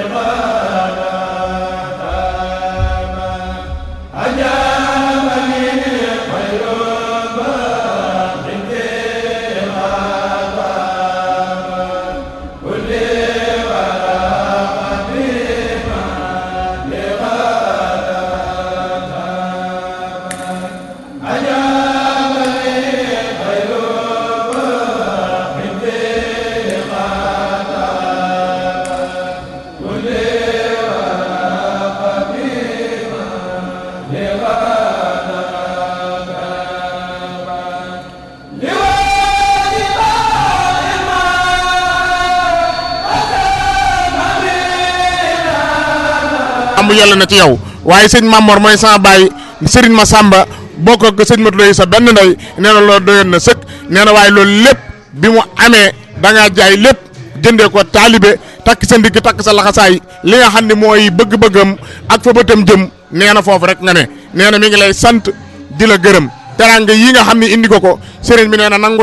الغالي bu yalla na ci yow waye seigne Mamor moy sama baay ma samba bokk ak seigne matou Lo sa benn ndey lo na loolu na seuk neena na lol lepp bi mu amé da nga jaay lepp jëndee ko talibé tak sa ndig tak sa laxasaay li nga xam moy bëgg-bëggam ak fa bëtam jëm neena fofu rek nga ne neena mi ngi lay sant di la gërëm teranga yi nga xamni indi ko ko sëriñ bi neena na nangu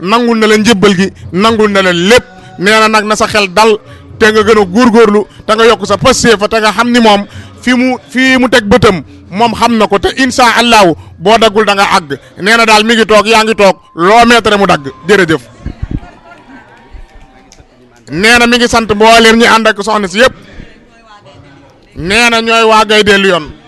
nangul na la njëbbal gi nangul na la lepp neena nak na sa xel dal te nga gën a góorgóorlu te nga yokk sa pastéef fa te nga xam ni moom fi mu fii mu teg bëtam moom xam na ko te insha allahu boo daggul da nga àgg nee na daal mi ngi toog yaa ngi toog loo meetare mu dagg jërëjëf nee na mi ngi sant mbooleem ñi ànd ak soxna si yëpp nee na ñooy waa Gaydel yoon